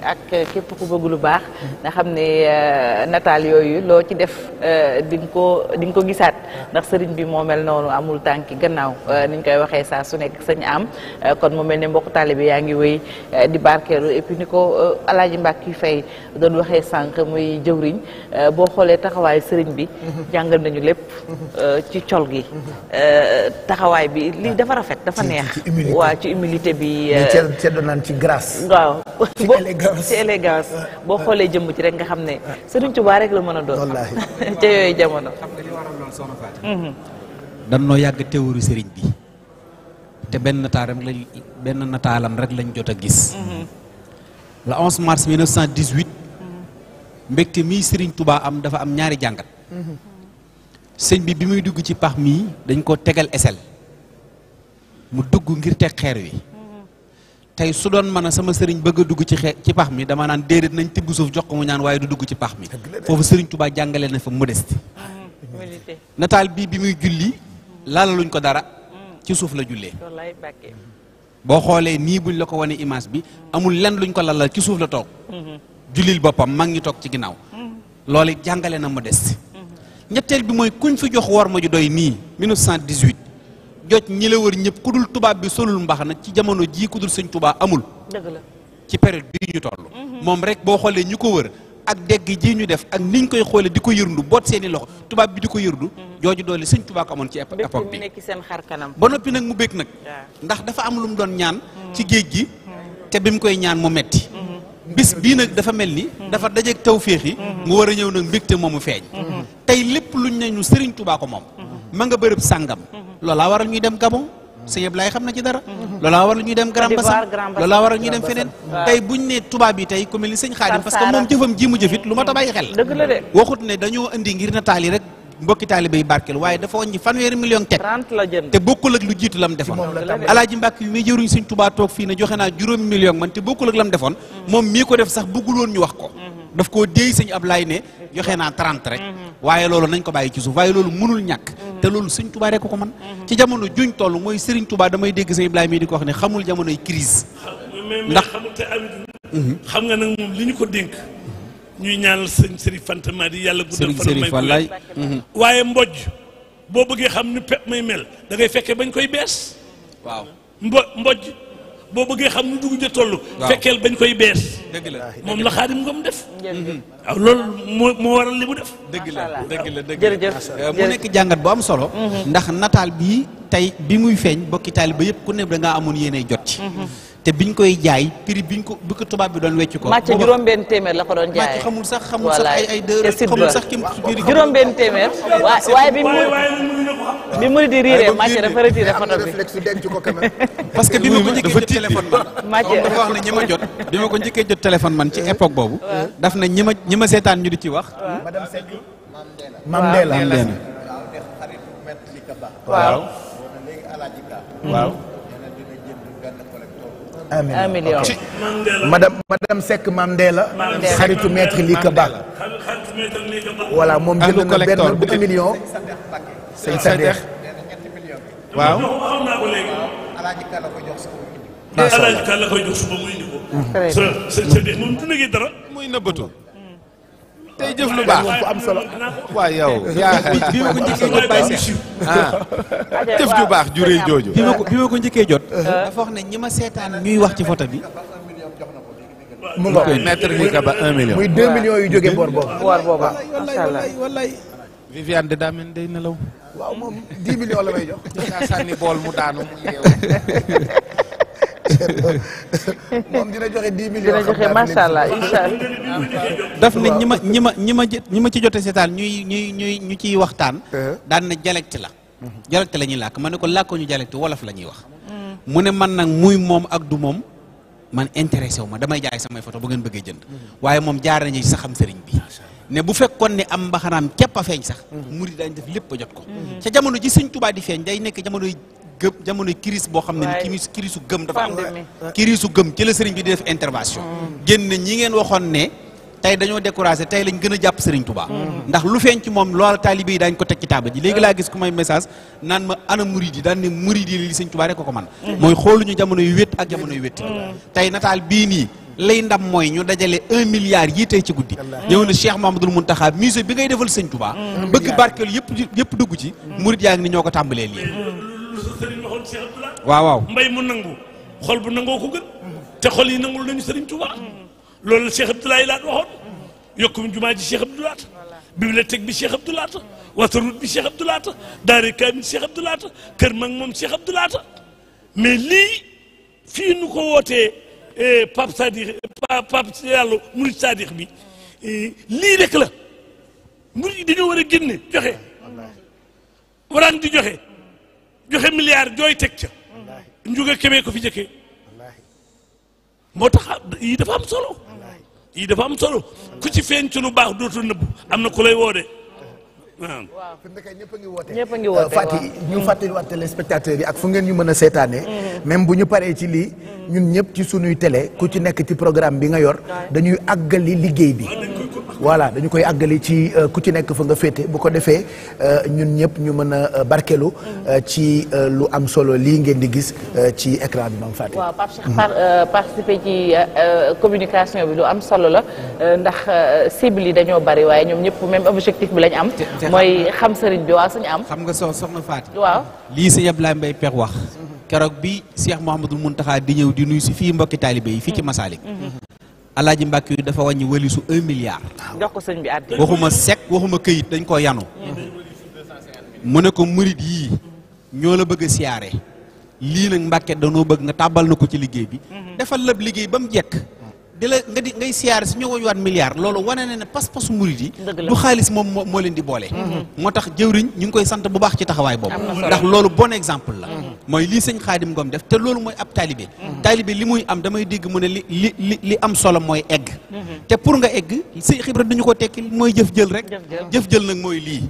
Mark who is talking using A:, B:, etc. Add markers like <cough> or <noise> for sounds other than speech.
A: ak képp ku bëgg lu baax nga xam ne euh, nataal yooyu loo ci def euh, di nga ko di ko gisaat ndax sëriñ bi moo mel noonu amul tànki gannaaw euh, niñ koy waxee saa su nekk sañ am kon mu mel ne mbokk taalibe yaa ngi wéy di barkeelu et puis ni ko alaaji Mbàkke Fay doon waxee sànq muy jëwriñ boo xoolee taxawaayu sëriñ bi jàngal nañu lépp ci col gi taxawaay bi lii dafa rafet dafa neex waaw ci humilité bi ceddo naan ci grâce waaw ci élégance boo xoolee jëmm ci rek nga xam ne Serigne tubaa rek la mën a doon. wallaahi <laughs> ca yooyu jamono. xam nga mhm. yàgg teewuru Serigne bi te benn nataalam benn nataalam rek lañ jot a gis. Mhm. le 11 mars 1918. mbégte mii Serigne am dafa am ñaari jàngat. Mhm. sëñ bi bi muy dugg ci pax mii dañ ko tegal esel mu dugg ngir teg xeer wi. tey su doon mën a sama sëriñ bëgg a dugg ci xe ci pax mi dama naan déedéet nañ tibb suuf jox ko mu ñaan waaye du dugg ci pax mi foofu sëriñ Tuubaa jàngale na fa modestie nataal bii bi muy julli laalaluñ ko dara ci suuf la la ko wane ci suuf la toog mhm. jullil boppam mag ñi toog ci ginnaaw mhm. loolu jàngale na modestie ñetteel bi mooy kuñ fi jox war ma ju doy nii jot ñi la wër ñëpp ku dul tubaab bi solul mbax na ci jamono jii ku dul sëñ tubaa amul. dëgg la ci période bii ñu toll. Mhm. moom rek boo xoolee ñu ko wër ak dégg ji ñu def ak niñ koy xoolee di ko yërndu boot seeni loxo tubaab bi di ko yërndu. Mhm. jooju doole sëñ tubaa ko amoon ci époque bi ba noppi nag mu bëgg nag. ndax dafa am lu mu doon ñaan. Mhm. ci géej gi. te bi mu koy ñaan mu metti bis bii nag dafa mel ni. dafa dajeeg tawféex yi. mu war a ñëw nag mbégte moomu feeñ. tey lépp luñ ne ñu ma nga bërëb sàngam mhm. loolaa waral ñuy dem Gabon mhm. sëñ Ablaye xam na ci dara mhm.
B: loolaa waral ñuy dem Grand Bassam loolaa waral ñuy dem feneen tey
A: buñ ne tubaab yi tey ku mel ni sëñ Xaadim moom jëfam ji jëfit lu ma ta xel waxut ne dañoo indi ngir nataal yi rek mbokki taalibe yi barkeel waaye dafa wàññi fanweeri million teg te bokkul ak lu jiitu lam defoon alaaji mbàkk yi muy jëruñ suñ tubaa toog fii ne joxe naa juróomi million man te bokkul ak lam defoon mm-hmm. moom mii ko def sax bëggul woon ñu wax ko mm-hmm. daf koo déey sëñ Ablaay ne joxe naa 30 rek mm-hmm. waaye loolu nañ ko bàyyi ci suuf waaye loolu mënul ñàkk te loolu sëñ tubaa rek ko man ci jamono juñ toll mooy sëriñ tubaa damay dégg sëñ Ablaay mii di ko wax ne xamul jamonoy crise
B: xam nga nag li ñu ko dénk ñuy ñaanal sëñ Serigne Fanta Madi yàlla guddal fan may wallaay mm-hmm. waaye mbojj boo bëggee xam ni pep may mel da ngay fekkee bañ koy bees waaw mbo mbojj boo bëggee xam ni dugub ja toll fekkeel bañ koy bees dëgg la moom la xaadim ngom def waaw loolu moo moo waral li mu def dëgg la dëgg la dëgg la euh, mu nekk
A: jàngat bu am solo mm-hmm. ndax nataal bii tey bi muy feeñ bokki taaliba yëpp ku ne da ngaa amoon yéeney jot ci mm-hmm. te bi biñ koy jaay prix biñ ko bi ko tubaab bi doon wecc ko. màcc juróom-benn téeméer la ko doon jaayee. màcc xamul sax xamul sax ay ay deux xamul sax kim juróom-benn téeméer. waaw waaye bi mu bi di riiree màcc dafa retiré photo bi.
B: <laughs> parce que bi ma ko njëkkee jot téléphone man. màcc ko njëkkee jot téléphone man ci époque boobu.
A: daf na ñi ma ñi ma seetaan ñu di ci wax. waaw madame Seck. Mam
B: un million madame
A: madame Seck Mam Ndéla xaritu maître Lika Ba
B: voilà moom jënd na benn bu un million sëñ Sadex waaw alaaji Kalla ko jox suba muy indi ko sëñ Sadex moom du nagi dara muy nëbbatu tey jëf lu baax ku am solo waaw yow
A: yaa bi
B: ah. baax ju rëy jooju bi ma ko
A: bi jot euh. dafa wax ne ñi ma seetaan ñuy wax ci photo bi mu ngi koy mettre ni ka ba un million muy deux millions yu jógee boor boobu boor booba macha allah wallaay Viviane de daa nelaw waaw moom dix millions la may jox sànni bool mu daanu mu yeewu <laughs> <laughs> moom dina joxe di millions. dina joxe macha allah incha allah. daf ne ñi ma ñi ma ñi ma ma ci jot seetaan ñuy ñuy ñuy ñu ciy waxtaan. Uh-huh. daan na dialecte la. Mm-hmm. dialecte lañuy ñuy làkk ma ne ko làkkoo ñu dialecte wolof la ñuy wax. Mm. mu ne man nag muy moom ak du moom man intéressé wu damay jaay samay photo bu ngeen bëggee jënd. Mm-hmm. waaye moom jaar nañu ci sa sëriñ bi. ne bu fekkoon ne am mbaxanaam képp a feeñ sax. Mm-hmm. murid daañu def lépp a jot ko. ca jamono ji sëñ Tuubaa di feeñ day nekk jamono gëm jamono crise boo xam ne ni crise gëm dafa am crise gëm ci la sëriñ bi di def intervention mm. génn ñi ngeen waxoon ne tey dañoo découragé tey lañ gën a jàpp sëriñ Touba mm. ndax lu feeñ ci moom loola taalibe yi daañ ko teg ci table ji léegi laa gis ku may message naan ma ana murid yi daan ne murid yi li sëriñ Touba rek ko ko man mm-hmm. mooy xooluñu jamono yu wét ak jamono yu wét mm. tey nataal bii nii lay ndam mooy ñu dajale un milliard yii tey ci guddi ñëw na Cheikh Mamadou Mountakha musée bi ngay defal sëriñ Touba bëgg barkeel yëpp yëpp dugg
B: lu sa waaw waaw mbay mu nangu xol bu nangoo ko gën te xol yi nangul nañu sëriñ Touba loolu la Cheikh Abdoulaye laat waxoon yokkum jumaa ji Cheikh Abdoulaye bibliothèque bi Cheikh Abdoulaye wasaruut bi Cheikh Abdoulaye daare kaamil Cheikh Abdoulaye kër mag moom Cheikh Abdoulaye mais lii fii nu ko wootee eh, Pape Sadikh Pape Yàlla Murid Sadikh bi eh, lii rek la murid yi dañoo war a génne joxe waraan di joxe joxe milliard jooy teg ca njuga kebee ko fi jëkkee moo tax yii dafa am solo yii dafa am solo ku ci feeñ ci lu baax dootul nëbbu am na ku lay woode de waaw fi mu nekkee ñëpp a ngi woote a ngi woote euh, Fati ñu
A: mm-hmm. fàttaliwaat téléspectateurs yi ak fu ngeen ñu mën a seetaanee mm-hmm. même bu ñu paree ci lii ñun ñëpp ci sunuy télé ku ci nekk ci programme bi nga yor mm-hmm. dañuy àggali liggéey bi voilà dañu koy àggali ci euh, ku ci nekk fa nga féete bu ko defee euh, ñun ñëpp ñu mën a euh, barkelu ci lu am solo lii ngeen di gis ci écran bi maam Fatou. waaw Pape Cheikh par communication bi lu am solo la ndax cible yi dañoo bari waaye ñoom ñëpp même objectif bi lañ am. mooy xam sëriñ bi waaw suñu am. xam nga soo soxna Fatou. waaw lii sëñ Ablaye Mbaye Pekh wax. Mhm. keroog bi Cheikh mun taxa di ñëw di nuyu si fii mbokki taalibe yi fii ci mhm. Masalik. Mhm. alaaji mbàkk yu dafa wàññi walisu un milliard. jox ko sëñ bi àddi waxuma sec waxuma kayit dañ koo yanu. mu ne ko murit yii ñoo la bëgg a siyaare lii nag mbàkke danoo bëgg nga tàbbal na ko ci liggéey bi. Mhm. defal lëb liggéey ba mu jekk. di la nga di ngay siyaare si ñëwoon waat milliard loolu wane na ne pas-pasu murit yi. du xaalis moom moo leen di boole. Mhm. moo tax jëwriñ ñu ngi koy sant bu baax ci taxawaay boobu. ndax loolu bon exemple la. mooy lii sëñ xaadim ngoom def te loolu mooy ab taalibe mm-hmm. taalibe li muy am damay dégg mu ne li li li am solo mooy egg
B: mm-hmm. te pour nga egg si xibra dañu ko tekkil mooy jëf jël rek jëf jël nag mooy lii